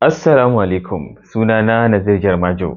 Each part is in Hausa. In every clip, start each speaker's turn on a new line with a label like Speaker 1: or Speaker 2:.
Speaker 1: Assalamu alaikum suna na Nazir Jarmajo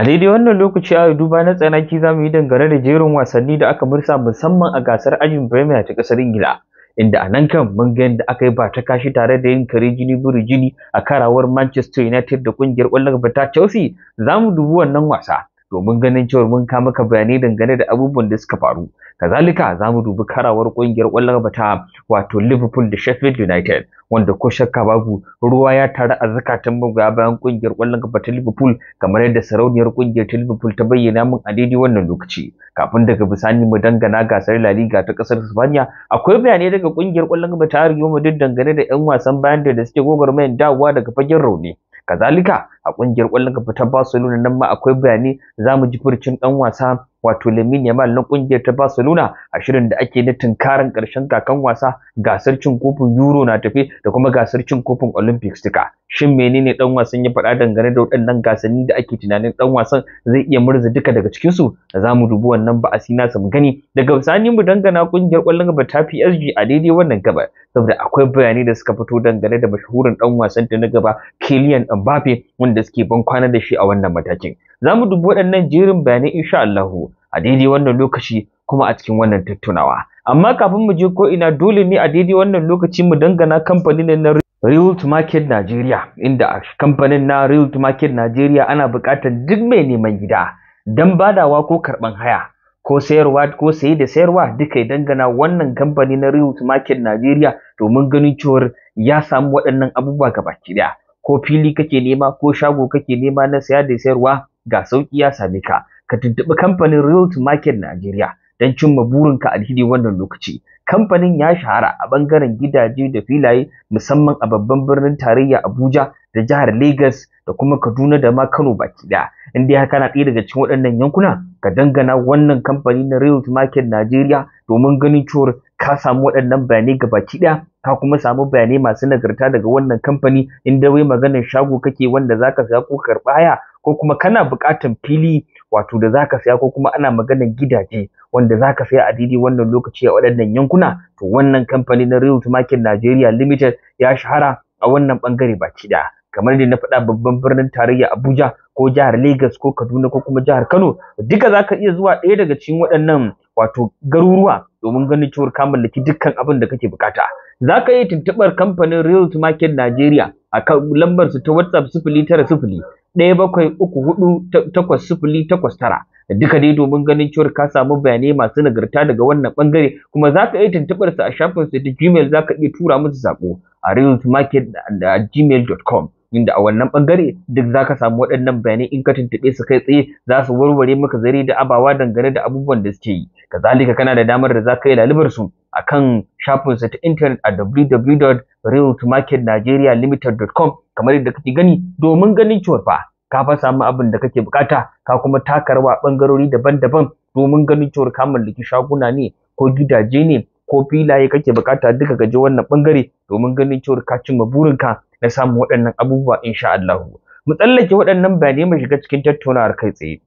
Speaker 1: a daidai wannan lokaci a duba na tsanaki za mu yi dangane da jerin wasanni da aka mursa musamman a gasar ajin Premier ta ƙasar Ingila inda a nan kan mun ga yadda aka yi ba ta kashi tare da yin kare jini buru jini a karawar Manchester United da kungiyar ƙwallon gaba ta Chelsea mu dubi wannan wasa domin ganin cewa mun ka maka bayanai dangane da abubuwan da suka faru kazalika za mu dubi karawar kungiyar kwallon bata wato liverpool da sheffield united wanda ko shakka babu ruwa ya taru a zakatan magoya bayan kungiyar kwallon gaba ta liverpool kamar yadda sarauniyar kungiyar ta liverpool ta bayyana mun a daidai wannan lokaci kafin daga bisani mu dangana gasar la liga ta ƙasar spain akwai bayanai daga kungiyar kwallon gaba ta rio madrid dangane da yan wasan bayan da suke gogar mayan dawowa daga fagen rauni kazalika a kungiyar kwallon kafa ta Barcelona nan ma akwai bayani zamu ji furcin dan wasa wato lemin Yamal na kungiyar ta Barcelona a shirin da ake na tunkarin karshen kakan wasa gasar cin kofin Euro na tafe da kuma gasar cin kofin Olympics duka shin menene dan wasan ya faɗa dangane da waɗannan gasanni da ake tunanin dan wasan zai iya murza duka daga cikin su da zamu dubi wannan ba'asi na mu gani daga bisani mu dangana kungiyar kwallon gaba ta PSG a daidai wannan gaba saboda akwai bayanai da suka fito dangane da mashahurin dan wasan ta na gaba Kylian Mbappe wanda suke ban kwana da shi a wannan matakin zamu dubi waɗannan jerin bayanai insha Allah a daidai wannan lokaci kuma a cikin wannan tattunawa amma kafin mu je ko ina dole ne a daidai wannan lokaci mu dangana kamfanin na Real to Market Nigeria inda a kamfanin na Real to Market Nigeria ana buƙatar duk mai neman gida don badawa ko karɓan haya ko sayarwa ko sayi da sayarwa duka ya dangana wannan kamfani na Real to Market Nigeria domin ganin cewar ya samu waɗannan abubuwa gabaki ɗaya ko fili kake nema ko shago kake nema na saya da sayarwa ga sauƙi ya same ka ka tuntuɓi kamfanin Real to Market Najeriya don cimma burinka ka wannan lokaci. Kamfanin ya shahara a ɓangaren gidaje da filaye musamman a babban birnin tarayya Abuja da jihar Lagos da kuma Kaduna da ma Kano baki ɗaya. In dai haka na ɗaya daga cikin waɗannan yankuna ka dangana wannan kamfani na Real to Market Najeriya domin ganin cewar ka samu waɗannan bayanai ga baki ɗaya ka kuma samu bayanai masu nagarta daga wannan kamfani inda wai maganar shago kake wanda zaka saya ko karɓa haya ko kuma kana buƙatar fili wato da zaka saya ko kuma ana maganar gidaje wanda zaka saya a didi wannan lokaci a waɗannan yankuna to wannan kamfani na Real to Market Nigeria Limited ya shahara a wannan bangare baki da kamar da na faɗa babban birnin tarayya Abuja ko jihar Lagos ko Kaduna ko kuma jihar Kano duka zaka iya zuwa ɗaya daga cikin waɗannan wato garuruwa domin ganin cewar ka mallaki dukkan abin da kake bukata zaka ka iya tuntuɓar kamfanin Real to Market Nigeria a kan lambar su ta WhatsApp sifili tara sifili ɗaya bakwai uku hudu takwas sifili takwas tara duka dai domin ganin cewar ka samu bayanai masu nagarta daga wannan bangare kuma za ka iya tuntuɓar su a shafin su ta gmail za ka iya tura musu saƙo a realmarket@gmail.com inda a wannan bangare duk za ka samu waɗannan bayanai in ka tuntuɓe su kai tsaye za su warware maka zare da abawa dangane da abubuwan da suke yi kazalika kana da damar da za ka yi lalubar su kan shafin su ta intanet a www Limited.com kamar yadda kake gani domin ganin cewa fa ka fa samu abin da kake bukata ka kuma taka rawa bangarori daban-daban domin ganin cewa ka mallaki shaguna ne ko gidaje ne ko filaye kake bukata duka gaje wannan bangare domin ganin cewa ka cimma burinka na samun waɗannan abubuwa insha Allah mu tsallake waɗannan bayanai mu shiga cikin tattaunawar kai tsaye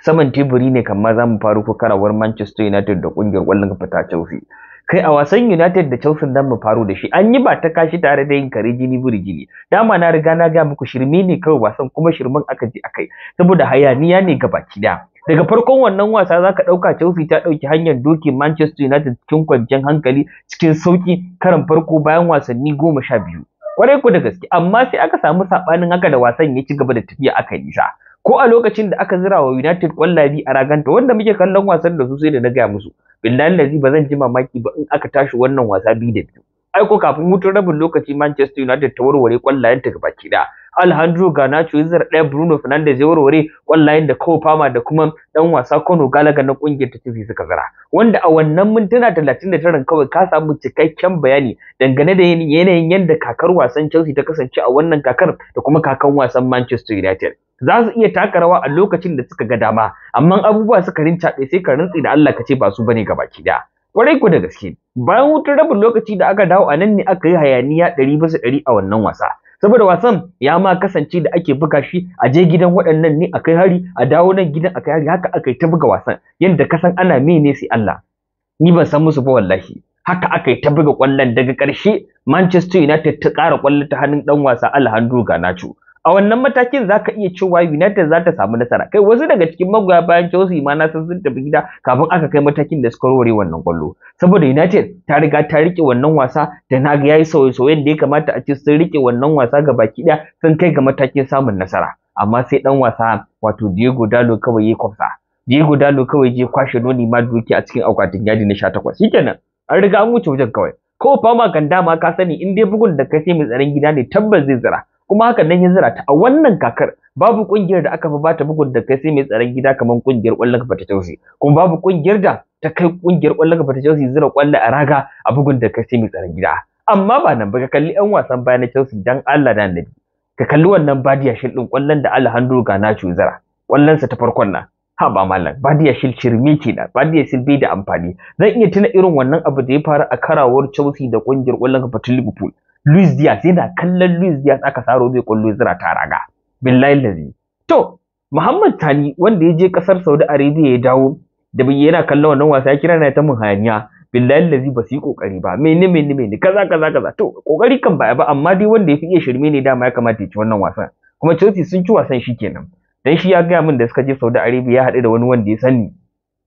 Speaker 1: saman teburi ne kamar za mu faru ko karawar Manchester United da kungiyar kwallon kafa ta Chelsea kai a wasan United da Chelsea dan mu faro da shi an yi ba ta kashi tare da yin kare jini buri jini dama na riga na ga muku shirmi ne kawai wasan kuma shirmin aka je akai saboda hayaniya ne gaba kida daga farkon wannan wasa za ka ɗauka Chelsea ta ɗauki hanyar doki Manchester United cikin kwanciyar hankali cikin sauki karan farko bayan wasanni goma sha biyu kwarai ku da gaske amma sai aka samu saɓanin haka da wasan ya ci gaba da tafiya aka nisa ko a lokacin da aka zira wa United kwallabi a raganta wanda muke kallon wasan da su sai da na gaya musu billahi lazi ba zan ji mamaki ba in aka tashi wannan wasa biyu da biyu ai ko kafin hutun rabin lokaci Manchester United ta warware kwallayen ta gabaki da Alejandro Garnacho ya zara ɗaya Bruno Fernandes ya warware kwallayen da Cole Palmer da kuma dan wasa Kano Gallagher na kungiyar ta Chelsea suka zara wanda a wannan mintuna 39 kawai ka samu cikakken bayani dangane da yanayin yadda kakar wasan Chelsea ta kasance a wannan kakar da kuma kakan wasan Manchester United za su iya taka rawa a lokacin da suka ga dama amma abubuwa suka rinca ɗaya sai ka rantsi da Allah ka ce ba su bane ga baki daya kwarai ku da gaske bayan hutun rabin lokaci da aka dawo a nan ne aka yi hayaniya ɗari bisa ɗari a wannan wasa saboda wasan ya ma kasance da ake buga shi a je gidan waɗannan ne a kai hari a dawo nan gidan a kai hari haka aka yi ta buga wasan yadda san ana mene sai Allah ni ban san musu ba wallahi haka aka yi ta buga kwallon daga ƙarshe Manchester United ta ƙara kwallo ta hannun ɗan wasa Alejandro Garnacho a wannan matakin za ka iya cewa United za ta samu nasara kai wasu daga cikin magoya bayan Chelsea ma na san sun tafi gida kafin aka kai matakin da suka rore wannan kwallo saboda United ta riga ta rike wannan wasa da na ga yayi sauye-sauyen da ya kamata a ce sun rike wannan wasa ga baki daya sun kai ga matakin samun nasara amma sai dan wasa wato Diego Dalo kawai ya kwafsa Diego Dalo kawai je kwashe noni ma duki a cikin akwatin yadi na 18 shikenan an riga an wuce wajen kawai ko fama ganda ma ka sani in dai bugun da ka sai mai tsaron gida ne tabbas zai tsira kuma haka nan ya zira ta a wannan kakar babu kungiyar da aka fi bata bugun da kai sai mai tsaron gida kamar kungiyar kwallon kafa ta kuma babu kungiyar da ta kai kungiyar kwallon kafa ta Chelsea zira kwallo a raga a bugun da kai sai mai tsaron gida amma ba nan ba ka kalli yan wasan baya na Chelsea dan Allah da Annabi ka kalli wannan badiya shin din kwallon da ga na zira kwallon sa ta farkon nan ha ba mallam da Shil shirme ke da Badia Shil bai da amfani zan iya tuna irin wannan abu da ya faru a karawar Chelsea da kungiyar kwallon kafa ta Liverpool Luis Diaz yana kallon Luis Diaz aka saro zai kwallo zira ta raga billahi lazi to Muhammad Tani wanda ya je kasar Saudi Arabia ya dawo da bai yana kallon wannan wasa ya kira na ta mun hayaniya billahi lazi ba su yi kokari ba mene mene mene kaza kaza kaza to kokari kan baya ba amma dai wanda ya fi iya shirme ne dama ya kamata ya ci wannan wasan kuma Chelsea sun ci wasan shikenan dan shi ya gaya min da suka je Saudi Arabia ya haɗu da wani wanda ya sani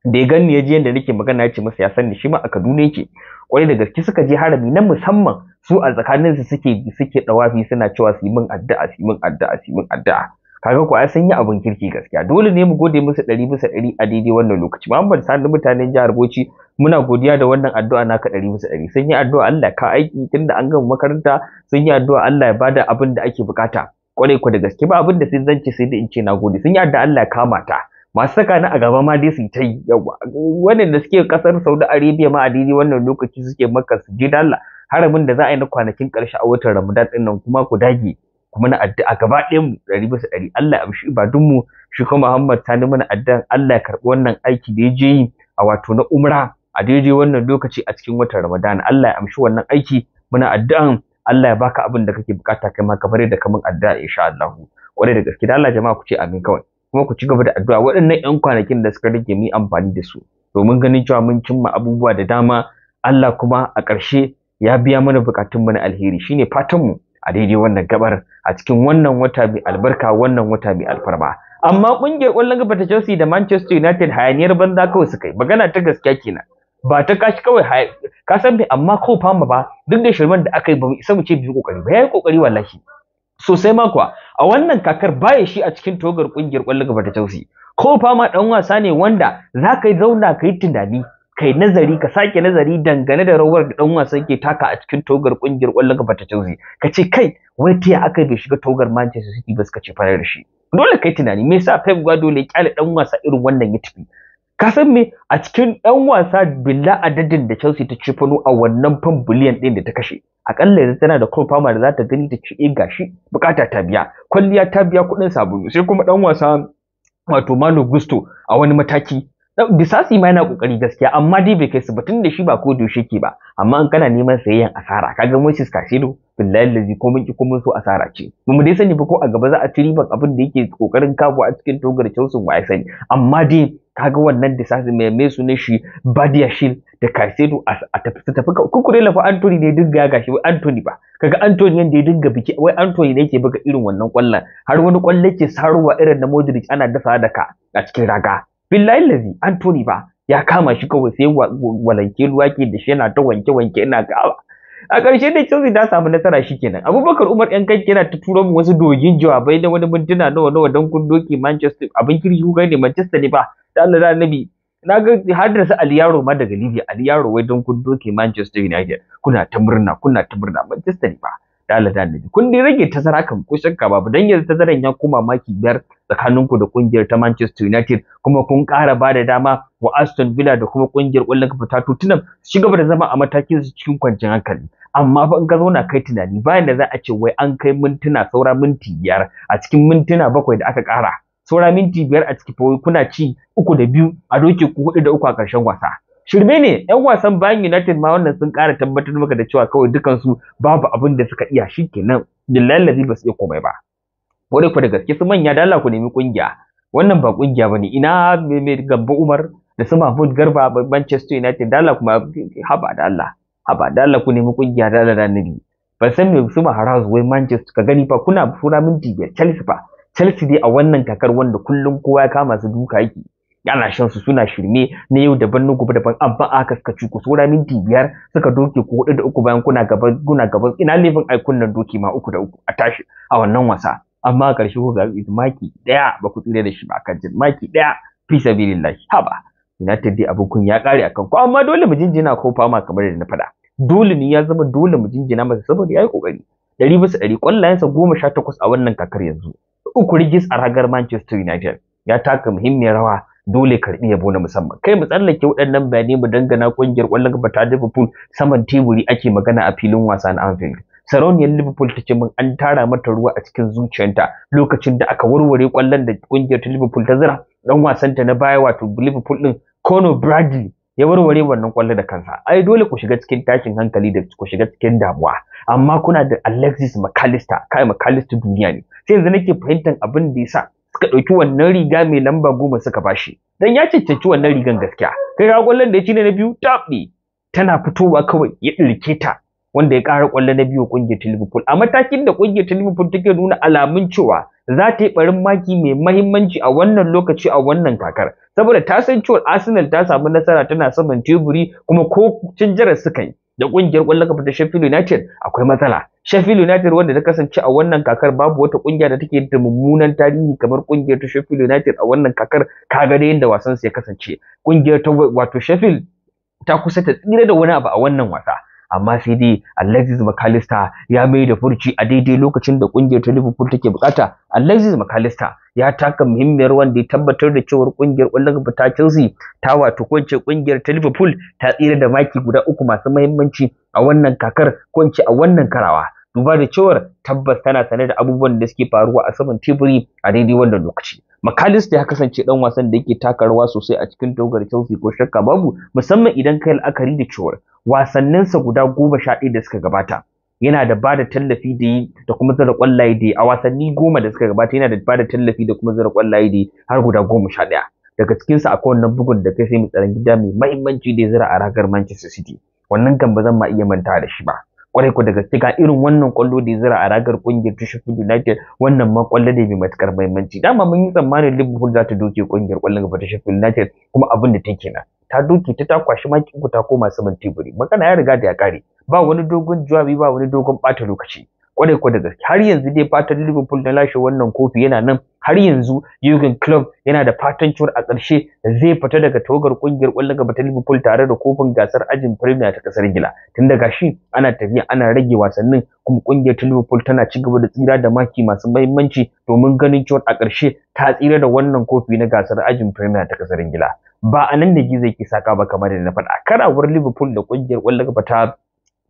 Speaker 1: da ya gani ya je da nake magana ya ce masa ya sani shi ma a Kaduna yake kwarai da gaske suka je harami na musamman su a tsakanin su suke suke dawafi suna cewa su yi addu'a su yi min addu'a su yi addu'a kaga ko ai sun yi abun kirki gaskiya dole ne mu gode musu ɗari bisa ɗari a daidai wannan lokaci Muhammad Sani mutanen jihar Bauchi muna godiya da wannan addu'a naka ɗari bisa ɗari sun yi addu'a Allah ka aiki tunda an gama makaranta sun yi addu'a Allah ya bada abin da ake bukata kwarai ku da gaske ba abin da sai zan ce sai da in ce na gode sun yarda Allah kama ta masu saka ni a gaba ma dai su ta yi yawa wannan da suke kasar Saudi Arabia ma a wannan lokaci suke maka su ji dalla haramin da za a yi na kwanakin karshe a watan Ramadan din nan kuma ku dage kuma na addu'a gaba ɗayan mu ɗari bisa ɗari Allah ya amshi ibadun mu shi kuma Muhammad ta nemi na addan Allah ya karɓi wannan aiki da ya je yi a wato na umra a daidai wannan lokaci a cikin watan Ramadan Allah ya amshi wannan aiki muna addu'an Allah ya baka abin da kake bukata kai ma kamar yadda kamun addu'a insha Allah kwarai da gaske da Allah jama'a ku ce amin kawai kuma ku ci gaba da addu'a waɗannan ƴan kwanakin da suka rage mu amfani da su domin ganin cewa mun cimma abubuwa da dama Allah kuma a ƙarshe ya biya mana bukatun mu na alheri shine fatan mu a daidai wannan gabar a cikin wannan wata mai albarka wannan wata mai alfarma amma kungiyar kwallon gaba ta Chelsea da Manchester United hayaniyar banza kawai suka yi magana ta gaskiya kenan ba ta kashi kawai ka san me amma ko fama ba duk da shirman da aka yi ba mu isa mu ce biyu kokari ba yayi kokari wallahi sosai ma kuwa a wannan kakar baya shi a cikin togar kungiyar kwallon gaba ta Chelsea ko fama dan wasa ne wanda zaka ka yi zauna ka yi tunani ka yi nazari ka sake nazari dangane da rawar da dan wasa yake taka a cikin togar kungiyar kwallon gaba ta Chelsea ka ce kai wai ta aka bai shiga togar Manchester City ba suka ce farar da shi dole kai tunani me yasa Pep Guardiola ya kyale dan wasa irin wannan ya tafi kasan san me a cikin ɗan wasa billa adadin da Chelsea ta ci fano a wannan fan biliyan ɗin da ta kashe akalla yanzu tana da Cole Palmer da za ta gani ta ci eh gashi bukata ta biya kwalliya ta biya kuɗin sabulu sai kuma ɗan wasa wato Malo Gusto a wani mataki Bisasi ma yana kokari gaskiya amma dai bai kai su batun da shi ba ko da yake ba amma an kana neman sayayyan asara kaga Moses Casido billahi lazi ko mun ki ko mun so asara ce mun dai sani ba ko a gaba za a ci ban abin da yake kokarin kabo a cikin togar Chelsea ba ya sani amma dai kaga wannan da sasu mai mai sunan shi Badia shil da kasedo a tafi tafi kukure lafa antoni ne dinga ya gashi wai antoni ba kaga Anthony yadda ya dinga biki wai antoni ne yake buga irin wannan kwallon har wani kwallo ke saruwa irin na Modric ana dasa da ka a cikin raga billahi lazi antoni ba ya kama shi kawai sai walanke ruwa ke da shi yana ta wanke wanke ina ga a ƙarshe dai Chelsea ta samu nasara shikenan Abubakar Umar yan kan yana ta turo mu wasu dogin jawabai da wani mintuna nawa nawa don kun doki Manchester abin kirki kuka ne Manchester ne ba da Allah da Annabi na ga hadar sa su Aliyaro ma daga Libya Aliyaro wai don kun doki Manchester United kuna ta murna kuna ta murna Manchester ne ba da Allah da Annabi kun dai rage tazara kan kusan shakka babu dan yanzu tazaran ya koma maki biyar tsakaninku da kungiyar ta Manchester United kuma kun ƙara ba da dama wa Aston Villa da kuma kungiyar ƙwallon kafa ta Tottenham su gaba da zama a matakin su cikin kwanciyar hankali amma fa in ka zauna kai tunani bayan da za a ce wai an kai mintuna saura minti biyar a cikin mintuna bakwai da aka ƙara saura minti biyar a ciki fawai kuna ci uku da biyu a doke ku hudu da uku a ƙarshen wasa shirme ne yan wasan bayan United ma wannan sun ƙara tabbatar maka da cewa kawai dukansu babu abin da suka iya shi kenan lillahi ba su iya komai ba kwarai ku da gaske su manya da Allah ku nemi kungiya wannan ba kungiya bane ina mai gabba Umar da su Mahmud Garba Manchester United da Allah kuma haba da Allah haba da Allah ku nemi kungiya da Allah da Nabi ba san me su Maharaz wai Manchester ka gani fa kuna fura minti biyar Chelsea fa Chelsea dai a wannan kakar wanda kullun kowa ya kama su duka yake ana shan su suna shirme na yau daban na gobe daban amma aka suka ci ku saura minti biyar suka doke ku hudu da uku bayan kuna gaban kuna gaban ina laifin aikun nan doki ma uku da uku a tashi a wannan wasa amma a ƙarshe kuka ga maki ɗaya ba ku tsira da shi ba kan jin maki ɗaya fi sabilillahi haba United dai abokan ya ƙare akan ku amma dole mu jinjina ko fama kamar da na faɗa dole ne ya zama dole mu jinjina masa saboda ya yi ƙoƙari. ɗari bisa ɗari ƙwallayensa goma sha takwas a wannan kakar yanzu uku rigis a ragar Manchester United ya taka muhimmiyar rawa dole karbi yabo na musamman kai mu tsallake waɗannan bayanai mu dangana ƙungiyar ƙwallon kafa ta Liverpool saman teburi ake magana a filin wasa na Anfield sarauniyar liverpool ta ce min an tara mata ruwa a cikin zuciyarta lokacin da aka warware kwallon da kungiyar ta liverpool ta zira dan ta na baya wato liverpool din conor bradley ya warware wannan kwallo da kansa ai dole ku shiga cikin tashin hankali da ku shiga cikin damuwa amma kuna da Alexis McAllister kai McAllister duniya ne sai yanzu nake fahimtar abin da yasa suka ɗauki wannan riga mai lamba goma suka bashi dan ya cancanci wannan rigan gaskiya kai ga kwallon da ya ci ne na biyu taɓe tana fitowa kawai ya ɗirke ta wanda ya ƙara ƙwallo na biyu ƙungiyar ta Liverpool a matakin da ƙungiyar ta Liverpool take nuna alamun cewa za ta yi barin maki mai mahimmanci a wannan lokaci a wannan kakar saboda ta san cewa Arsenal ta samu nasara tana saman teburi kuma ko cin jarar suka da ƙungiyar kwallon kafa ta Sheffield United akwai matsala Sheffield United wanda ta kasance a wannan kakar babu wata ƙungiya da take da mummunan tarihi kamar kungiyar ta Sheffield United a wannan kakar kaga da yadda wasan su ya kasance ƙungiyar ta wato Sheffield ta kusa ta tsira da wani abu a wannan wasa amma sai dai Alexis McAllister ya mai da furci a daidai lokacin da kungiyar ta Liverpool take bukata Alexis McAllister ya taka muhimmiyar wanda ya tabbatar da cewar kungiyar ƙwallon gaba ta Chelsea ta wato kwance kungiyar ta Liverpool ta tsira da maki guda uku masu muhimmanci a wannan kakar kwance a wannan karawa duba da cewar tabbas tana sane da abubuwan da suke faruwa a saman teburi a daidai wannan lokaci McAllister ya kasance dan wasan da yake taka rawa sosai a cikin tawagar Chelsea ko shakka babu musamman idan kai la'akari da cewar wasanninsa guda goma sha ɗaya da suka gabata yana da bada tallafi da yi da kuma zara kwallaye da yi a wasanni goma da suka gabata yana da bada tallafi da kuma zara kwallaye da yi har guda goma sha ɗaya daga cikinsa akwai wannan bugun da kai sai mu tsaron gida mai mahimmanci da ya zira a ragar Manchester City wannan kan ba zan ma iya manta da shi ba kwarai ku daga ga irin wannan kwallo da zira a ragar kungiyar Sheffield United wannan ma kwallo ne mai matukar muhimmanci dama mun yi tsammanin Liverpool za ta doke kungiyar kwallon gaba ta Sheffield United kuma abin da take na ta doke ta ta kwashi kinku uku ta koma saman teburi magana ya riga da ya kare ba wani dogon jawabi ba wani dogon bata lokaci kwarai kwa da gaske har yanzu dai fatan Liverpool na lashe wannan kofi yana nan har yanzu Jurgen Klopp yana da fatan cewa a ƙarshe zai fita daga tawagar kungiyar ƙwallon gaba ta Liverpool tare da kofin gasar ajin Premier ta ƙasar Ingila tun daga shi ana tafiya ana rage wasannin kuma kungiyar ta Liverpool tana ci gaba da tsira da maki masu muhimmanci domin ganin cewa a ƙarshe ta tsira da wannan kofi na gasar ajin Premier ta ƙasar Ingila ba a nan da zai ke saka ba kamar da na faɗa karawar Liverpool da kungiyar ƙwallon gaba ta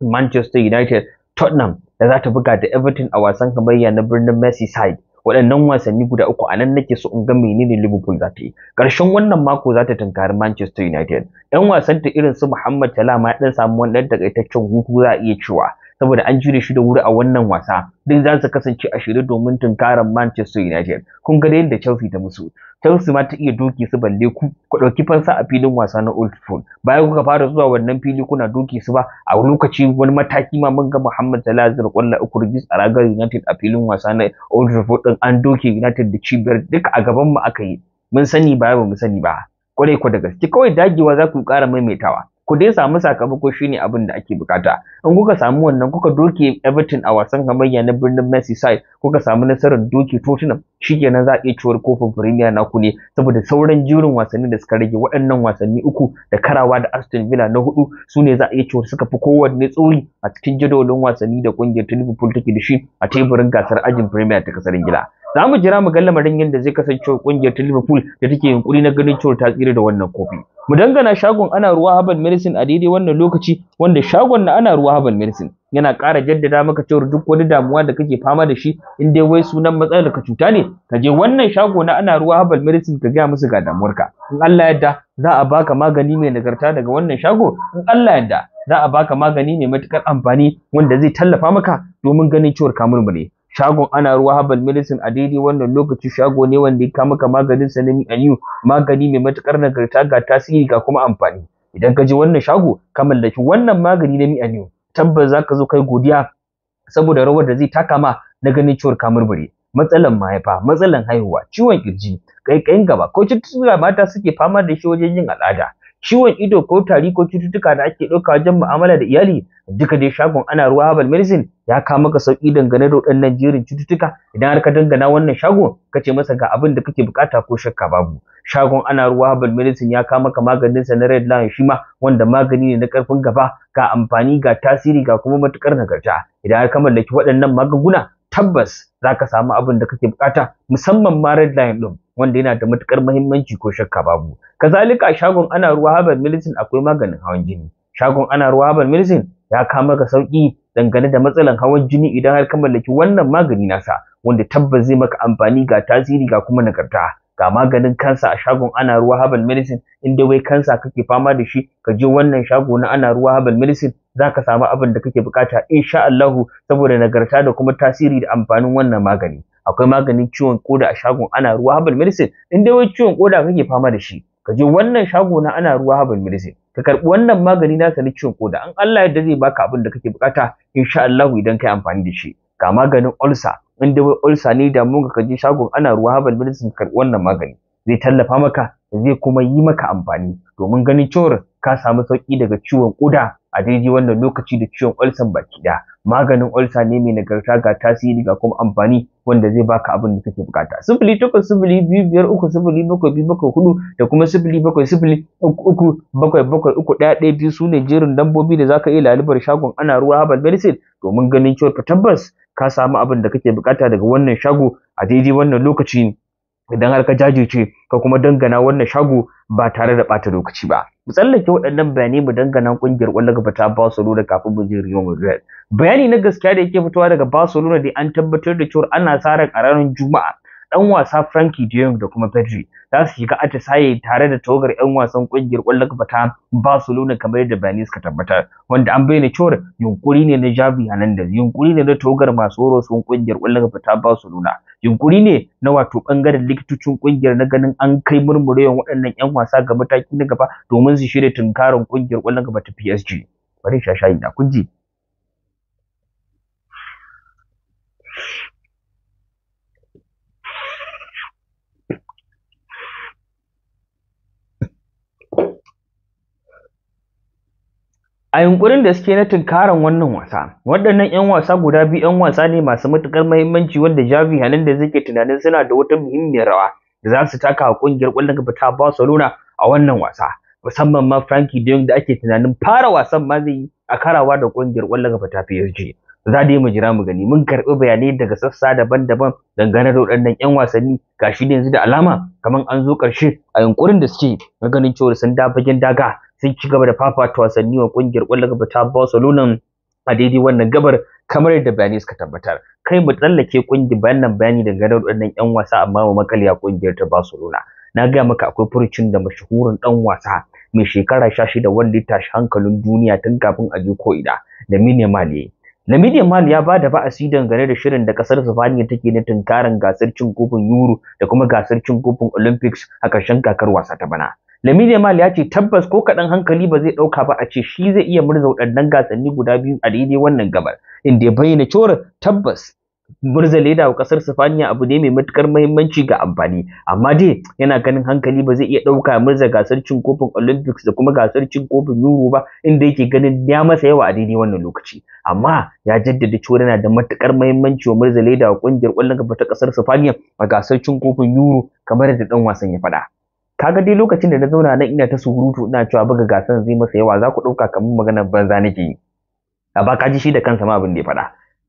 Speaker 1: Manchester United Tottenham da za ta buga da Everton a wasan gamayya na birnin Merseyside waɗannan wasanni guda uku a nan nake so in ga menene Liverpool za ta yi ƙarshen wannan mako za ta tunkari Manchester United 'Yan wasanta irin su Muhammad Salah ma ɗan samu wani ɗan takaitaccen hutu za a iya cewa saboda an jure shi da wuri a wannan wasa duk za su kasance a shirye domin tunkarar Manchester United kun ga yadda Chelsea ta musu Chelsea ma ta iya doke su balle ku ku dauki fansa a filin wasa na Old Trafford bayan kuka fara zuwa wannan fili kuna doke su ba a lokaci wani mataki ma mun ga Muhammad Salah zira kwalla uku rigis a ragar United a filin wasa na Old Trafford din an doke United da cibiyar duka a gaban mu aka yi mun sani ba ba mu sani ba kwarai kwa da gaske kawai dagewa za ku kara maimaitawa ku dai samu sakamako shine abin da ake bukata in kuka samu wannan kuka doke Everton a wasan hamayya na birnin Merseyside kuka samu nasarar doke Tottenham shikenan za a iya ciwar kofin Premier na ku ne saboda sauran jirin wasanni da suka rage waɗannan wasanni uku da karawa da Aston Villa na hudu su ne za a iya ciwar suka fi kowanne tsori a cikin jadawalin wasanni da kungiyar Liverpool take da shi a teburin gasar ajin Premier ta kasar Ingila za mu jira mu ga lamarin yadda zai kasance kungiyar ta Liverpool da take yunkuri na ganin cewa ta tsira da wannan kofi. Mu dangana shagon ana ruwa Haban Medicine a daidai wannan lokaci wanda shagon na ana ruwa Haban Medicine yana ƙara jaddada maka cewa duk wani damuwa da kake fama da shi in dai wai sunan matsalar ka cuta ne ka je wannan shago na ana ruwa Haban Medicine ka gaya musu ga damuwarka. In Allah yadda za a baka magani mai nagarta daga wannan shago in Allah yadda za a baka magani mai matukar amfani wanda zai tallafa maka domin ganin cewa ka murmure. shagon ana ruwa Haban medicine a daidai wannan lokaci shago ne wanda ya kama ka maganin sanani aliyu magani mai matukar nagarta ga tasiri ga kuma amfani idan ka je wannan shago ka mallaki wannan magani na mi aliyu tabbas za ka zo kai godiya saboda rawar da zai taka ma na ganin ciwon kamurmure matsalan mahaifa matsalan haihuwa ciwon kirji kai gaba ko cututtuka mata suke fama da shi wajen yin al'ada ciwon ido ko tari ko cututtuka da ake ɗauka wajen mu'amala da iyali duka dai shagon ana ruwa herbal medicine ya kawo maka sauki dangane da waɗannan jerin cututtuka idan har ka dangana wannan shagon ka ce masa ga abin da kake bukata ko shakka babu shagon ana ruwa herbal medicine ya kawo maka maganin sa na red line shi ma wanda magani ne na ƙarfin gaba ga amfani ga tasiri ga kuma matukar nagarta idan har ka mallaki waɗannan magunguna tabbas za ka samu abin da kake buƙata" musamman ma red line ɗin wanda yana da matukar muhimmanci ko shakka babu kazalika shagon ana ruwa haban medicine akwai maganin hawan jini shagon ana ruwa haban medicine ya kama ka sauki dangane da matsalan hawan jini idan har ka mallaki wannan magani nasa wanda tabbas zai maka amfani ga tasiri ga kuma nagarta ga maganin kansa a shagon ana ruwa haban medicine in wai kansa kake fama da shi ka je wannan shago na ana ruwa haban medicine ka samu abin da kake bukata insha Allah saboda nagarta da kuma tasiri da amfanin wannan magani akwai maganin ciwon koda a shagon ana ruwa herbal medicine in dai wai ciwon koda kake fama da shi ka je wannan shago na ana ruwa herbal medicine ka karbi wannan magani naka na ciwon koda an Allah yadda zai baka abin da kake bukata insha Allah idan kai amfani da shi ga maganin ulsa in dai wai ulsa ne da mun ka je shagon ana ruwa herbal medicine ka karbi wannan magani zai tallafa maka zai kuma yi maka amfani domin ganin ciwon ka samu sauki daga ciwon koda a daidai wannan lokaci da ciwon ulcer baki ɗaya maganin ulcer ne mai nagarta ga tasiri ga kuma amfani wanda zai baka abin da kake bukata sifili takwas sifili biyu biyar uku sifili bakwai biyu bakwai hudu da kuma sifili bakwai sifili uku uku bakwai bakwai uku ɗaya ɗaya biyu su jerin dambobi da zaka iya lalibar shagon ana ruwa haɓal medicine domin ganin cewa tabbas ka samu abin da kake bukata daga wannan shago a daidai wannan lokaci idan har ka jajirce ka kuma dangana wannan shago ba tare da bata lokaci ba mu tsallake waɗannan bayanai mu dangana ƙungiyar ƙwallon gaba ta Barcelona kafin mu je Real Madrid bayani na gaskiya da yake fitowa daga Barcelona da an tabbatar da cewa ana sa ran a ranar Juma'a dan wasa Frankie De Jong da kuma Pedri za su shiga atisaye tare da tawagar 'yan wasan ƙungiyar ƙwallon gaba ta Barcelona kamar yadda bayanai suka tabbatar wanda an bayyana cewa yunkuri ne na Javi Hernandez yunkuri ne na tawagar masu horo sun ƙungiyar ƙwallon gaba ta Barcelona yunkuri ne na wato bangaren likitocin kungiyar na ganin an kai murmurewan waɗannan yan wasa ga mataki na gaba domin su shirya tunkarin kungiyar kwallon gaba ta PSG bari shashayi na kun ji A yunkurin da suke na tunkaran wannan wasa, waɗannan 'yan wasa guda biyu 'yan wasa ne masu matuƙar mahimmanci wanda Javi da zai ke tunanin suna da wata muhimmiyar rawa da za su taka a ƙungiyar ƙwallon kafa ta Barcelona a wannan wasa. Musamman ma Franky de Jong da ake tunanin fara wasan ma zai yi a karawa da ƙungiyar ƙwallon kafa ta PSG. Za dai mu jira mu gani mun karɓi bayanai daga sassa daban-daban dangane da waɗannan 'yan wasanni gashi da yanzu da alama kamar an zo ƙarshe a yunkurin da suke maganin ganin cewa sun da bagen daga sai ci gaba da fafata wasanni wa kungiyar kwallon gaba ta Barcelona a daidai wannan gabar kamar yadda bayanai suka tabbatar kai mu tsallake kungi bayan nan bayani daga da waɗannan yan wasa amma mu makale a kungiyar ta Barcelona na ga maka akwai furucin da mashahurin dan wasa mai shekara 16 wanda ya tashi hankalin duniya tun kafin a je ko ina da minimali Namibia Mal ya ba da ba'asi dangane da shirin da kasar Slovenia take na tunkarin gasar cin kofin Euro da kuma gasar cin kofin Olympics a ƙarshen kakar wasa ta bana. Lamine Mal ya ce tabbas ko kadan hankali ba zai ɗauka ba a ce shi zai iya murza waɗannan gasanni guda biyu a daidai wannan gabar inda ya bayyana cewar tabbas murza leda wa kasar Sifaniya abu ne mai matukar muhimmanci ga amfani amma dai yana ganin hankali ba zai iya dauka murza gasar cin kofin Olympics da kuma gasar cin kofin Euro ba inda yake ganin ya masa yawa a daidai wannan lokaci amma ya jaddada cewa yana da matukar muhimmanci wa murza leda wa ƙungiyar ƙwallon gaba ta kasar Sifaniya a gasar cin kofin Euro kamar yadda ɗan wasan ya faɗa. kaga dai lokacin da na zauna nan ina ta surutu ina cewa buga gasan zai masa yawa za ku ɗauka kamar maganar banza nake yi a ba ka ji shi da kansa ma abin da ya faɗa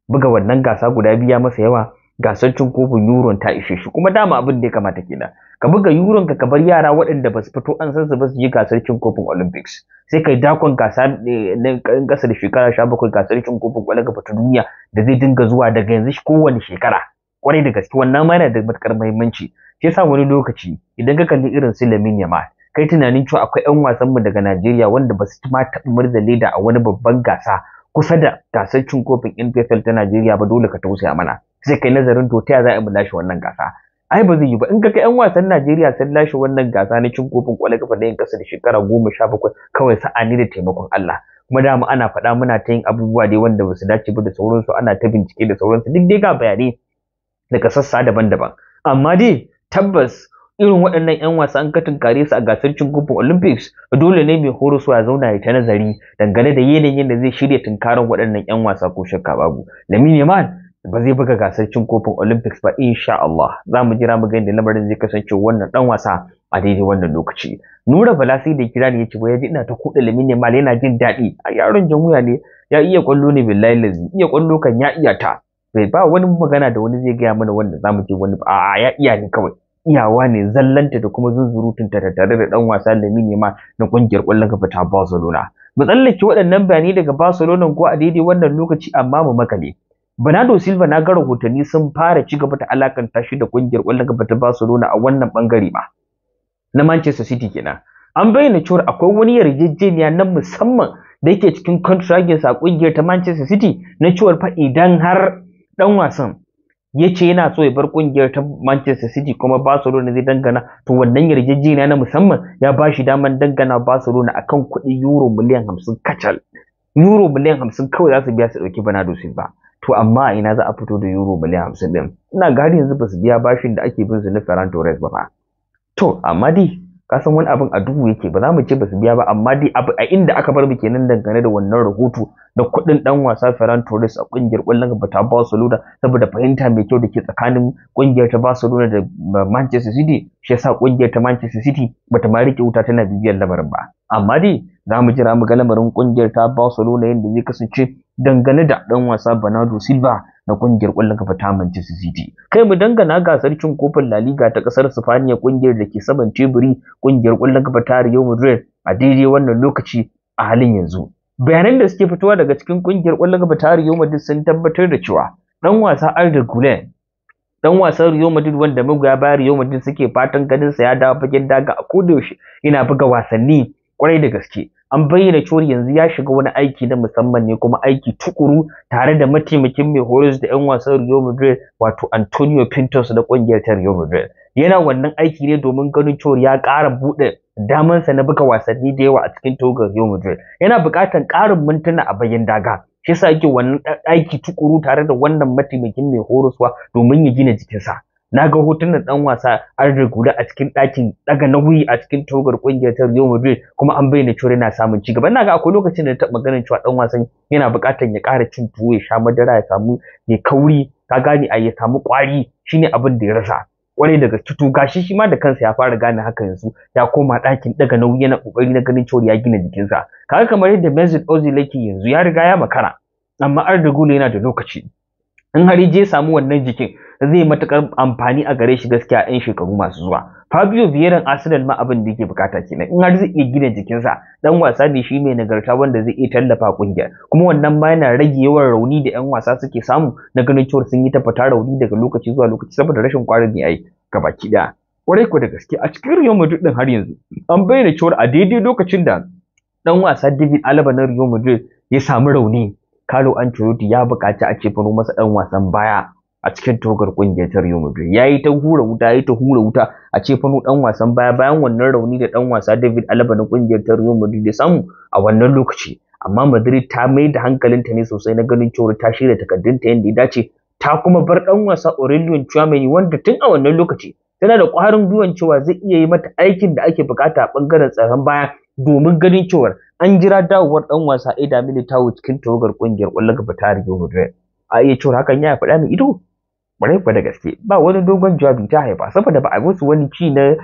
Speaker 1: buga wannan gasa guda biya masa yawa gasar cin kofin yuron ta ishe shi kuma dama abin da ya kamata kenan ka buga yuron ka bar yara waɗanda ba su fito an san su ba su yi gasar cin kofin olympics sai kai dakon gasa eh, na ƙasar shekara sha bakwai gasar cin kofin kwallon ka ta duniya da zai dinga zuwa daga yanzu kowane shekara kwarai da gaske wannan ma yana da matukar muhimmanci shi yasa wani lokaci idan ka kalli irin su Lamin Yamal kai tunanin cewa akwai ƴan wasan mu daga Najeriya wanda ba su ma taɓa murza leda a wani babban gasa kusa da gasar cin kofin NPFL ta Najeriya ba dole ka tausaya mana sai kai nazarin to ta za a mu lashe wannan gasa ai ba zai yi ba in ka kai ƴan wasan Najeriya sun lashe wannan gasa na cin kofin kwallon kafa na yin kasa da shekara goma sha bakwai kawai sa'a ne da taimakon Allah kuma da mu ana faɗa muna ta yin abubuwa dai wanda ba su dace ba da sauransu ana ta bincike da sauransu duk dai ga bayanai daga sassa daban-daban amma dai tabbas irin waɗannan 'yan wasa an ka tunkare su a gasar cin kofin olympics dole ne mai horoswa ya zauna ya ta nazari dangane da yanayin da zai shirya tunkarar waɗannan 'yan wasa ko shakka babu lamine man ba zai buga gasar cin kofin olympics ba insha Allah za mu jira mu ga inda lamarin zai kasance wannan dan wasa a daidai wannan lokaci Nura Balasi da kira ne yace ya ji ina ta kuɗa lamine man yana jin daɗi a yaron jan ne ya iya kwallo ne billahi lazi iya kwallo kan ya iya ta sai ba wani magana da wani zai gaya mana wanda zamu ce wani a ya iya ne kawai iyawa ne zallanta da kuma zunzurutunta ta tare da dan wasa Lamine ma na kungiyar kwallon kafa ta Barcelona mu tsallake waɗannan bayanai daga Barcelona ko a daidai wannan lokaci amma mu makale Bernardo Silva na ga rahotanni sun fara ci gaba da alakanta shi da kungiyar kwallon kafa ta Barcelona a wannan bangare ba. na Manchester City kenan an bayyana cewa akwai wani yarjejeniya na musamman da yake cikin contract a kungiyar ta Manchester City na cewa fa idan har dan wasan ya ce yana so ya bar kungiyar ta Manchester City kuma Barcelona zai dangana to wannan yarjejeniya na musamman ya ba shi daman dangana Barcelona akan kuɗi euro miliyan hamsin kacal euro miliyan hamsin kawai za su biya su ɗauki Bernardo Silva to amma ina za a fito da euro miliyan hamsin din ina ga har yanzu ba su biya bashin da ake bin su na Ferran Torres ba to amma dai kasan wani abin a duhu yake ba za mu ce ba su biya ba amma dai a inda aka bar mu kenan dangane da wannan rahoto da kuɗin dan wasa Ferran Torres a kungiyar ƙwallon gaba ta Barcelona saboda fahimta mai kyau da ke tsakanin kungiyar ta Barcelona da Manchester City shi yasa kungiyar ta Manchester City bata ma rike wuta tana bibiyar lamarin ba amma dai za mu jira mu ga lamarin kungiyar ta Barcelona yadda zai kasance dangane da dan wasa Bernardo Silva na kungiyar kwallon kafa ta Manchester City kai mu dangana gasar cin kofin La Liga ta kasar Spaniya kungiyar da ke saman teburi kungiyar kwallon kafa ta Real Madrid a daidai wannan lokaci a halin yanzu bayanan da suke fitowa daga cikin kungiyar kwallon kafa ta Real Madrid sun tabbatar da cewa dan wasa Arda Güler dan wasan Real Madrid wanda magoya bayan Real Madrid suke fatan ganin sa ya dawo fagen daga a kodayaushe yana buga wasanni kwarai da gaske an bayyana cewar yanzu ya shiga wani aiki na musamman ne kuma aiki tukuru tare da mataimakin mai horis da 'yan wasan Real Madrid wato Antonio Pintos na kungiyar ta Real Madrid. Yana wannan aiki ne domin ganin cewar ya ƙara buɗe damansa na buga wasanni da yawa a cikin togar Real Madrid. Yana buƙatar ƙarin mintuna a bayin daga. Shi yasa yake wannan aiki tukuru tare da wannan mataimakin mai horaswa domin ya gina jikinsa. na ga hotunan dan wasa an rigula a cikin ɗakin daga nauyi a cikin togar kungiyar ta Real Madrid kuma an bayyana cewa yana samun ci gaba na ga akwai lokacin da ta maganin cewa dan wasan yana buƙatar ya ƙara cin tuwo ya sha madara ya samu ya kauri ka gane a ya samu ƙwari shine abin da ya rasa kwarai daga tutu gashi shi ma da kansa ya fara gane haka yanzu ya koma ɗakin daga nauyi yana kokari na ganin cewa ya gina jikinsa kaga kamar yadda Mesut Ozil yake yanzu ya riga ya makara amma Arda yana da lokaci in har je samu wannan jikin zai matukar amfani a gare shi gaskiya yan shekaru masu zuwa Fabio Vieira Arsenal ma abin da yake bukata kenan in har zai iya gina jikinsa Ɗan wasa ne shi mai nagarta wanda zai iya tallafa kungiyar kuma wannan ma yana rage yawan rauni da yan wasa suke samu na ganin cewa sun yi ta fita rauni daga lokaci zuwa lokaci saboda rashin kwarin ne ai gabaki daya kwarai ko da gaske a cikin Real Madrid din har yanzu an bayyana cewa a daidai lokacin da dan wasa David Alaba na Real Madrid ya samu rauni Carlo Ancelotti ya buƙaci a ce masa dan wasan baya a cikin tawagar kungiyar ta Real Madrid yayi ta hura wuta yayi ta hura wuta a ce fano dan wasan baya bayan wannan rauni da dan wasa David Alaba na kungiyar ta Real Madrid da samu a wannan lokaci amma Madrid ta mai da hankalinta ne sosai na ganin cewa ta shirya takaddunta yadda ya dace ta kuma bar dan wasa Aurelio Tchouameni wanda tun a wannan lokaci tana da ƙwarin gwiwan cewa zai iya yi mata aikin da ake bukata a bangaren tsaron baya domin ganin cewa an jira dawowar dan wasa Eda Militao cikin tawagar kungiyar kwallo gaba ta Real Madrid a iya cewa hakan ya faɗa mai ido bare kwa da gaske ba wani dogon jawabi ta haifa saboda ba a musu wani ci na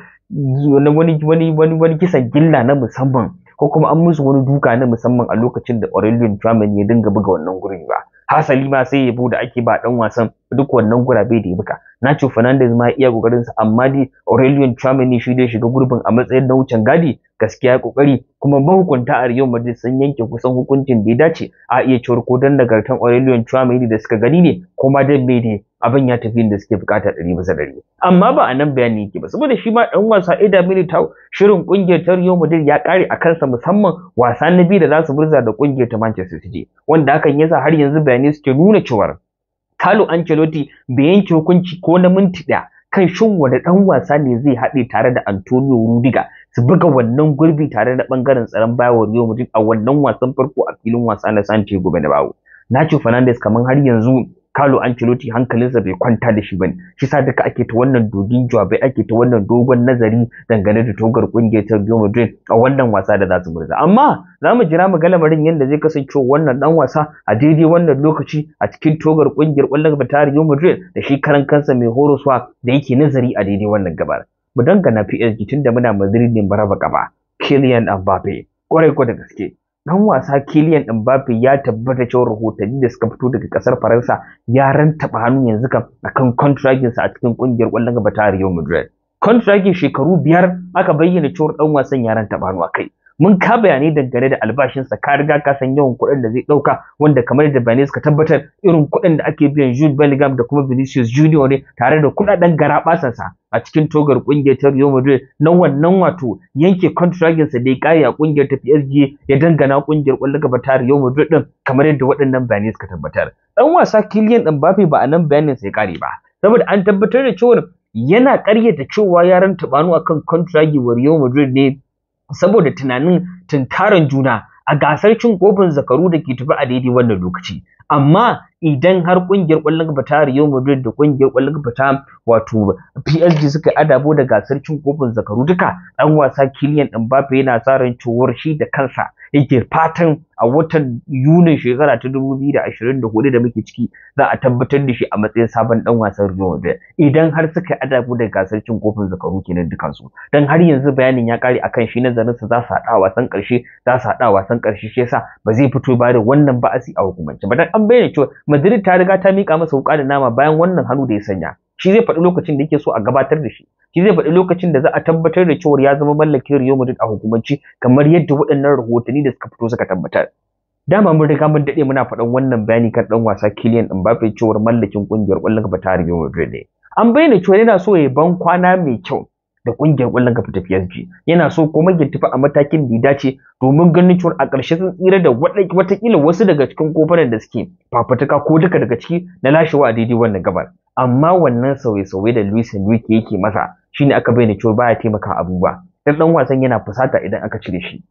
Speaker 1: wani kisan gilla na musamman ko kuma an musu wani duka na musamman a lokacin da Aurelian Tchouameni ya dinga buga wannan gurin ba hasali ma sai ya da ake ba dan wasan duk wannan gurabe da ya na Nacho Fernandez ma iya kokarin amma dai Aurelian Tchouameni shi dai shiga gurbin a matsayin na wucin gadi gaskiya kokari kuma mahukunta a Real Madrid sun yanke kusan hukuncin da ya dace a iya cewar ko dan nagartan Aurelion Chouameni da suka gani ne kuma dan mede abin ya tafi da suke bukata ɗari bisa dari amma ba a nan bayani yake ba saboda shi ma dan wasa Eda Militao shirin kungiyar ta Real Madrid ya kare a kansa musamman wasa na biyu da za su burza da kungiyar ta Manchester City wanda hakan yasa har yanzu bayanai suke nuna cewa Carlo Ancelotti bai yanke hukunci ko na minti ɗaya kan shin wani dan wasa ne zai haɗe tare da Antonio Rudiger su buga wannan gurbi tare da bangaren tsaron wa Rio Madrid a wannan wasan farko a filin wasa na gobe Santiago Bernabeu Nacho Fernandez kaman har yanzu Carlo Ancelotti hankalinsa bai kwanta da shi bane shi sa duka ake ta wannan dogin jawabai ake ta wannan dogon nazari dangane da togar kungiyar ta Real Madrid a wannan wasa da za su murza amma za mu jira mu ga lamarin yadda zai kasance wannan dan wasa a daidai wannan lokaci a cikin togar kungiyar kwallon ta Real Madrid da shi karan kansa mai horoswa da yake nazari a daidai wannan gabar mu dangana PSG tunda muna Madrid ne raba gaba Kylian Mbappe kwarai ko da gaske dan wasa Kylian Mbappe ya tabbata cewa rahotanni da suka fito daga kasar Faransa ya rantaba hannu yanzu kan akan contractin sa a cikin kungiyar kwallon gaba ta Real Madrid contractin shekaru biyar aka bayyana cewa dan wasan ya rantaba hannu kai. mun ka bayani dangane da albashinsa ka riga ka san yawan kuɗin da zai ɗauka wanda kamar da bayanai suka tabbatar irin kuɗin da ake biyan Jude Bellingham da kuma Vinicius Junior ne tare da kuɗaɗen garaɓasansa a cikin togar ƙungiyar ta Real Madrid na wannan wato yanke sa da ya ƙare a ƙungiyar ta PSG ya dangana ƙungiyar ƙwallon gaba ta Real Madrid din, kamar yadda waɗannan bayanai suka tabbatar. Dan wasa Kylian Mbappe ba a nan bayanin ya kare ba saboda an tabbatar da cewa yana ƙaryata cewa yaran tabanu akan contract wa Real Madrid ne saboda tunanin tunkaran juna a gasar cin kofin zakaru da ke tafi a daidai wannan lokaci amma idan har kungiyar kwallon gaba ta Real Madrid da kungiyar kwallon gaba ta wato PSG suka adabo da gasar cin kofin zakaru duka dan wasa Kylian Mbappe yana sa ran shi da kansa yake fatan a watan yunin shekara ta 2024 da da hudu muke ciki za a tabbatar da shi a matsayin sabon dan wasan Real Madrid idan har suka yi adabu da gasar cin kofin zakaru kenan dukansu dan har yanzu bayanin ya kare akan shi nazarin su za su hada wasan karshe za su hada wasan karshe shi yasa ba zai fito ba da wannan ba'asi a hukumance ba dan an bayyana cewa Madrid ta riga ta mika masa wuka da nama bayan wannan hannu da ya sanya shi zai faɗi lokacin da yake so a gabatar da shi shi zai faɗi lokacin da za a tabbatar da cewa ya zama mallakin Real Madrid a hukumanci kamar yadda waɗannan rahotanni da suka fito suka tabbatar dama mun riga mun dade muna faɗan wannan bayani kan ɗan wasa Kylian Mbappe cewa mallakin kungiyar ƙwallon kafa ta Real Madrid ne an bayyana cewa yana so ya ban kwana mai kyau da kungiyar ƙwallon kafa ta PSG yana so kuma ya tafi a matakin da ya dace domin ganin cewa a ƙarshe sun tsira da watakila wasu daga cikin kofanan da suke fafutuka ko duka daga ciki na lashewa a daidai wannan gabar amma wannan sauye-sauye da Luis Enrique yake masa shine aka bayyana cewa baya taimaka abubuwa dan dan wasan yana fusata idan aka cire shi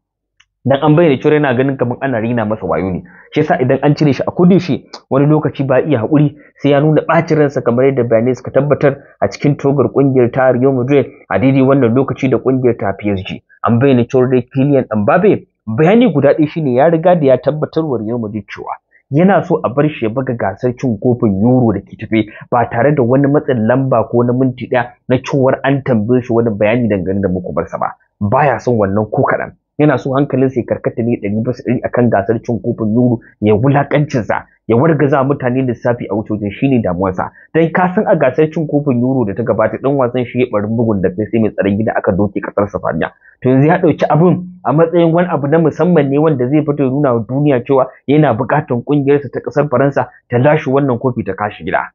Speaker 1: dan an bayyana cewa yana ganin kamar ana rina masa wayo ne shi yasa idan an cire shi a kudin shi wani lokaci ba iya haƙuri sai ya nuna ɓacin ransa kamar yadda bayanai suka tabbatar a cikin togar kungiyar ta Real Madrid a daidai wannan lokaci da kungiyar ta PSG an bayyana cewa dai Kylian Mbappe bayani guda ɗaya shine ya riga da ya tabbatar wa Real Madrid cewa yana so a bar shi ya buga gasar cin kofin euro da ke tafe ba tare da wani matsin lamba ko na minti ɗaya na cewar an tambaye shi wani bayani dangane da muku barsa ba baya son wannan ko kaɗan yana so hankalin sai karkata ne ɗari bisa ɗari akan gasar cin kofin yuro ya wulakancin sa ya wargaza mutane lissafi a wuce-wuce, wajen shine damuwarsa dan ka san a gasar cin kofin yuro da ta gabata dan wasan shi ya barin bugun da sai mai tsaron gida aka doke kasar safariya. to yanzu ya dauki abun a matsayin wani abu na musamman ne wanda zai fito ya nuna wa duniya cewa yana buƙatar ƙungiyarsa ta ƙasar Faransa ta lashe wannan kofi ta kashi gida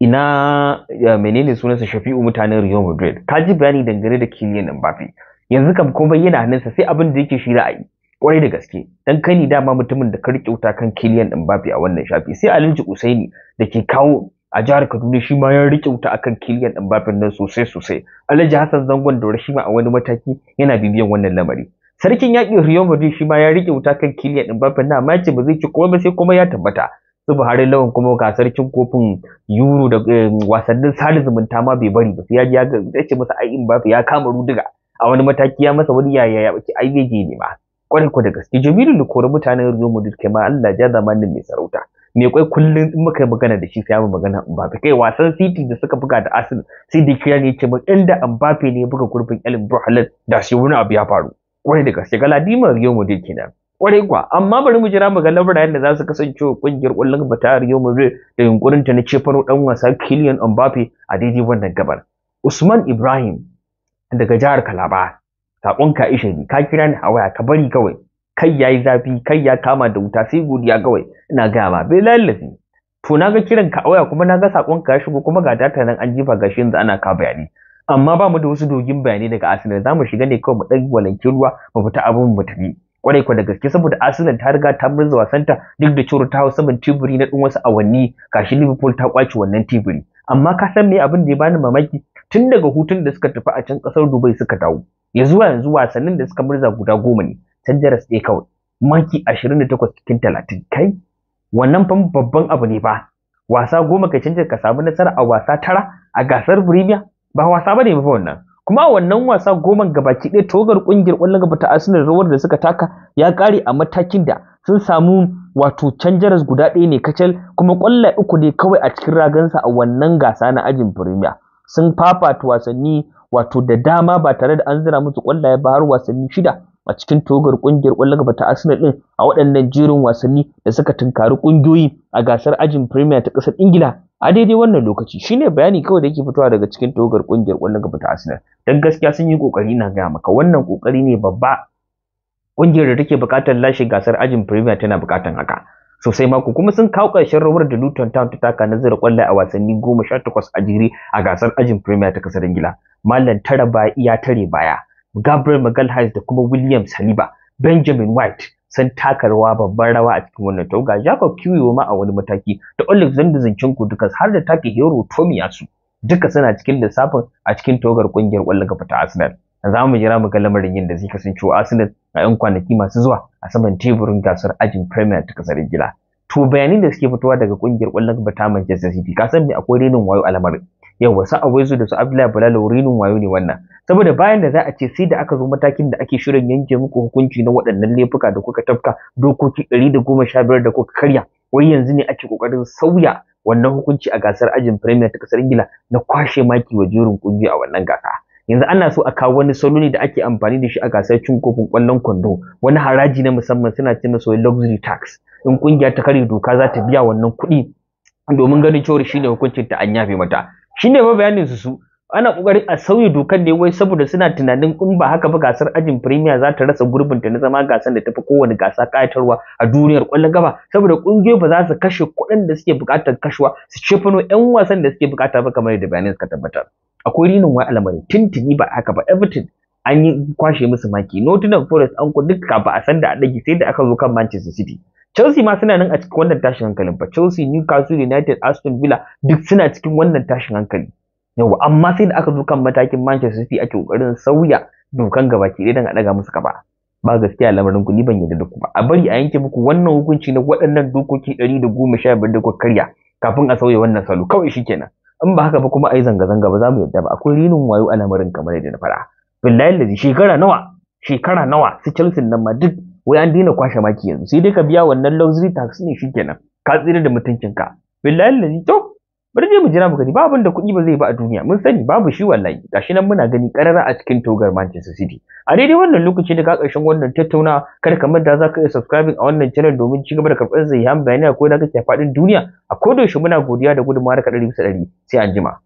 Speaker 1: ina menene sunansa Shafi'u mutanen Real Madrid ji bayani dangane da Kylian Mbappe yanzu kam komai yana hannunsa sai abin da yake shi ra'ayi kwarai da gaske dan kani dama mutumin da ka rike wuta kan Kylian Mbappe a wannan shafi sai Alhaji Usaini da ke kawo a jihar Kaduna shi ma ya rike wuta akan Kylian Mbappe nan sosai sosai Alhaji Hassan Zangon da shi ma a wani mataki yana bibiyan wannan lamari sarkin yaƙin Rio Madrid shi ma ya rike wuta kan kiliyan Kylian Mbappe na amma ce ba zai ci komai ba sai kuma ya tabbata su Buhari lawan kuma gasar Sarkin kofin Euro da eh, wasannin sada zumunta ma bai bari ba sai ya ga ya ce masa ai Mbappe ya kama rudiga a wani mataki ya masa wani yaya ya baki ai zai je ne ma kwarai ko da gaske Jamilu da kore mutanen Rijo mu duke ma Allah ja zamanin mai sarauta me kwai kullun in muka magana da shi sai mu magana ba kai wasan City da suka buga da asin sai da kira ne ce inda ne buga gurbin Erling Haaland da shi wani abu ya faru kwarai da gaske Galadima Rijo mu duke kenan kwarai kuwa amma bari mu jira muga labarayen da za su kasance kungiyar kwallon bata ta Real da yunkurin ta na cefaro dan wasa Kylian Ambafe a daidai wannan gabar Usman Ibrahim daga jihar Kalaba saƙonka ishe ni ka kira ni a waya ka bari kawai kai yayi zafi kai ya kama da wuta sai godiya kawai ina gaya ma bai lallafi to naga kiran ka a waya kuma naga saƙonka ya shigo kuma ga data nan an jifa gashi yanzu ana ka bayani amma ba mu da wasu dogin bayanai daga asirin, zamu shiga ne kawai mu ɗan walanki ruwa mu fita abin mu tafi kwarai kwa da gaske saboda Arsenal ta riga ta murza ta, duk da cewa ta hau saman tiburi na ɗan wasu awanni kashi Liverpool ta kwace wannan tiburi amma ka san me abin da ya bani mamaki tun daga hutun da suka tafi a can kasar Dubai suka dawo ya zuwa yanzu wasannin da suka murza guda goma ne can jaras ɗaya kawai maki ashirin da takwas cikin talatin kai wannan fa babban abu ne ba wasa goma ka canja ka samu nasara a wasa tara a gasar Premier ba wasa bane ba wannan kuma a wannan wasa goman gabaki ɗaya togar ƙungiyar ƙwallon gaba ta Arsenal rawar da suka taka ya ƙare a matakin da sun samu wato canjaras guda ɗaya ne kacal kuma ƙwallaye uku ne kawai a cikin ragansa a wannan gasa na ajin Premier sun fafata wasanni wato da dama ba tare da an zira musu ƙwallaye ba har wasanni shida a cikin togar ƙungiyar ƙwallon gaba ta Arsenal ɗin a waɗannan jerin wasanni da suka tunkari ƙungiyoyi a gasar ajin Premier ta ƙasar Ingila a daidai wannan lokaci shine bayani kawai da yake fitowa daga cikin togar kungiyar kwallon gaba ta Arsenal dan gaskiya sun yi kokari na ga maka wannan kokari ne babba kungiyar da take bukatar lashe gasar ajin Premier tana bukatar haka sosai mako kuma sun kawo karshen rawar da Luton Town ta taka na zira kwallaye a wasanni 18 a jere a gasar ajin Premier ta kasar Ingila Mallan tara ba iya tare baya Gabriel Magalhaes da kuma William Saliba Benjamin White sun taka rawa babban rawa a cikin wannan ga Jacob Kiwi" ma a wani mataki da Alexander Zinchenko duka har da take Hero Tomiyasu duka suna cikin lissafin a cikin togar kungiyar kwallon gaba ta Arsenal za mu jira mu ga lamarin yin da zai kasance Arsenal a 'yan kwanaki masu zuwa a saman teburin gasar ajin Premier ta kasar Ingila to bayanin da suke fitowa daga kungiyar kwallon gaba ta Manchester City ka san me akwai rinin wayo a lamarin yawa a awaizu da su abdullahi Bala wurin wayo ne wannan saboda bayan da za a ce sai da aka zo matakin da ake shirin yanke muku hukunci na waɗannan laifuka da kuka tafka dokoki ɗari da goma sha biyar da kuka karya wai yanzu ne ake ƙoƙarin sauya wannan hukunci a gasar ajin premier ta ƙasar ingila na kwashe maki wa jerin ƙungiyoyi a wannan gasa yanzu ana so a kawo wani salo ne da ake amfani da shi a gasar cin kofin ƙwallon kwando wani haraji na musamman suna ce masa luxury tax in ƙungiya ta karya doka za ta biya wannan kuɗi domin ganin cewar shine hukuncin ta an yafe mata shine ne bayanin su su ana kokarin a sauya dokar ne wai saboda suna tunanin in ba haka ba gasar ajin premier za ta rasa gurbin ta na zama gasar da tafi kowane gasa kayatarwa a duniyar kwallon gaba saboda kungiyoyi ba za su kashe kuɗin da suke buƙatar kashewa su cefano yan wasan da suke buƙata ba kamar yadda bayanin suka tabbatar akwai rinin wa alamari, tintini ba haka ba everton an yi kwashe musu maki nottingham forest an ku duk ba a san da a ɗage sai da aka zo kan manchester city Chelsea ma suna nan a cikin wannan tashin hankalin fa Chelsea Newcastle United Aston Villa duk suna cikin wannan tashin hankali yawa amma sai da aka zo kan matakin Manchester City ake kokarin sauya dokan gaba ke dan a daga musu gaba ba gaskiya lamarin ku ni ban yarda da ku ba a bari a yanke muku wannan hukunci na waɗannan dokoki 115 da kuka karya kafin a sauya wannan salo kawai shikenan in ba haka ba kuma a yi zanga zanga ba za mu yarda ba akwai rinin wayo a lamarin kamar yadda na fara billahi lazi shekara nawa shekara nawa su Chelsea nan ma duk wai an daina kwashe maki yanzu sai dai ka biya wannan luxury tax ne shikenan ka tsira da mutuncinka billahi lazi to bari je mu jira mu gani ba abin da kuɗi ba zai ba a duniya mun sani babu shi wallahi gashi nan muna gani karara a cikin togar Manchester City a daidai wannan lokaci da ka karshen wannan tattauna kada kamar da za ka iya subscribing a wannan channel domin ci gaba da karɓar zai ham bayanai ko da kake faɗin duniya a kodayaushe muna godiya da gudunmawar ka ɗari bisa ɗari sai anjima